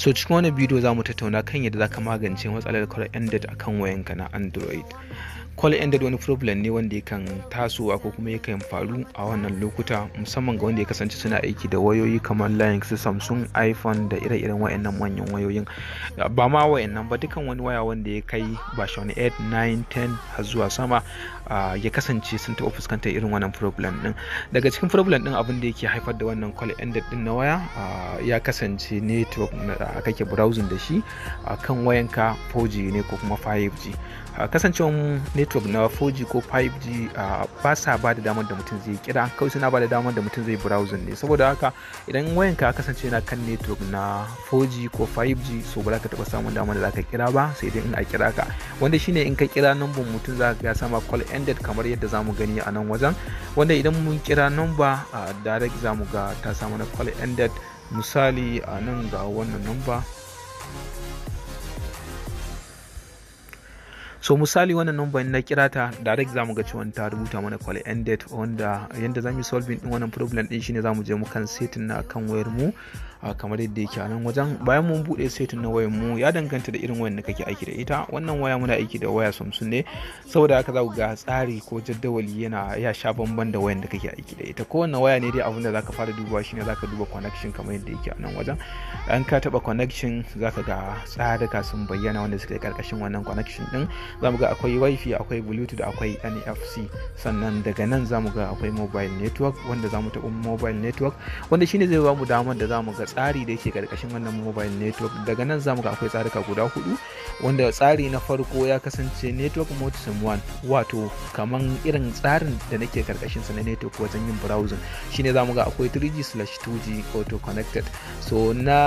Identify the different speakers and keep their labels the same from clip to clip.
Speaker 1: so cikin wani bidiyo za mu tattauna kan yadda za ka magance matsalar current a akan wayanka na android call ended wani problem ne wanda ya kan tasowa ko kuma ya kan faru a wannan lokuta musamman ga wanda ya kasance suna aiki da wayoyi kamar layin su samsung iphone da ire-iren wayannan manyan wayoyin ba ma wayannan ba dukan wani waya wanda ya kai ba wani 8 9 10 har zuwa sama ya kasance sun taɓa fuskantar irin wannan problem din daga cikin problem din abin da yake haifar da wannan call ended din na waya ya kasance network da kake browsing da shi akan wayanka 4G ne ko kuma 5G Kasancewar network na 4G ko 5G ba sa ba da damar da mutum zai kira kawai suna ba da damar da mutum zai browsing ne saboda haka idan wayanka kasance na kan network na 4G ko 5G so ba za ka taba samun damar da za ka kira ba sai dai in a kira ka wanda shine in ka kira number mutum za ka ga sama call ended kamar yadda za mu gani a nan wajen wanda idan mun kira number direct za mu ga ta samu na call ended misali a nan ga wannan number so misali wannan number na kira ta direct zamu ga cewa ta rubuta mana call ended wanda yanda zamu solving din wannan problem din shine zamu je mu kan setting na kan wayar mu kamar yadda yake a nan wajen bayan mun bude setin na wayan mu ya danganta da irin wayan da kake aiki da ita wannan waya muna aiki da waya samsung ne saboda haka za ku ga tsari ko jaddawali yana ya sha bamban da wayan da kake aiki da ita kowanne waya ne dai abin da zaka fara dubawa shine zaka duba connection kamar yadda yake a nan wajen an ka taba connection ka ga tsarika sun bayyana wanda suke karkashin wannan connection din zamu ga akwai wifi akwai bluetooth akwai nfc e sannan daga nan zamu ga akwai mobile network wanda zamu taɓa mobile network wanda shine zai ba mu damar da zamu ga tsari da yake karkashin wannan mobile network daga nan za mu ga akwai tsarika guda hudu wanda tsari na farko ya kasance network mode sim 1 wato kaman irin tsarin da nake karkashin sa na network wajen yin browsing shine mu ga akwai 3G/2G auto connected so na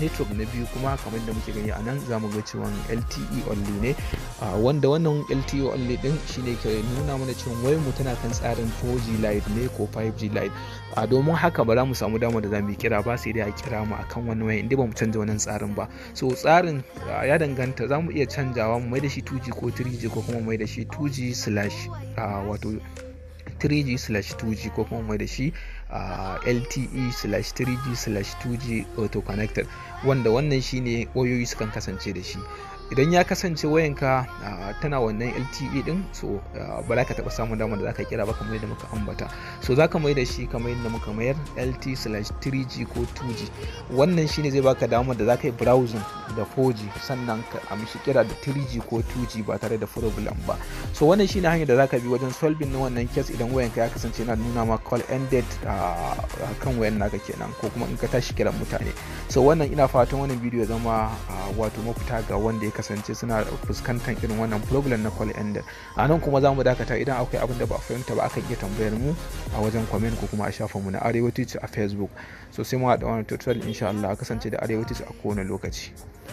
Speaker 1: network na biyu kuma kamar da muke gani a nan za mu ga cewa LTE only ne wanda wannan LTE only din shine ke nuna mana cewa wayar mu tana kan tsarin 4G lite ne ko 5G lite a domin haka ba za mu samu damar da za mu kira ba sai dai a kira mu akan wani waya inda ba mu canza wannan tsarin ba so tsarin ya danganta za mu iya canjawa mu mai da shi 2G ko 3G ko kuma mai da shi 2G slash wato 3g slash 2g ko kuma mai da shi lte slash 3g slash 2g auto connected wanda wannan shine wayoyi sukan kasance da shi idan ya kasance wayanka tana wannan LTE din so ba za ka taba samun damar da za ka kira ba kamar yadda muka ambata so za ka mai da shi kamar yadda muka mayar slash 3 g ko 2G wannan shine zai baka damar da za ka yi browsing da 4G sannan ka amshi kira da 3G ko 2G ba tare da problem ba so wannan shine hanyar da zaka bi wajen solving na wannan case idan wayan ka ya kasance yana nuna ma call ended a kan wayan naka kenan ko kuma in ka tashi kiran mutane so wannan ina fatan wannan bidiyo zama wato mafita ga wanda ya kasance suna fuskantar irin wannan problem na call ended a nan kuma zamu dakata idan akwai abin da ba a fahimta ba akan iya tambayar mu a wajen comment ko kuma a shafin mu na arewa a facebook so sai mu haɗa wannan tutorial insha Allah kasance da arewa a kowane lokaci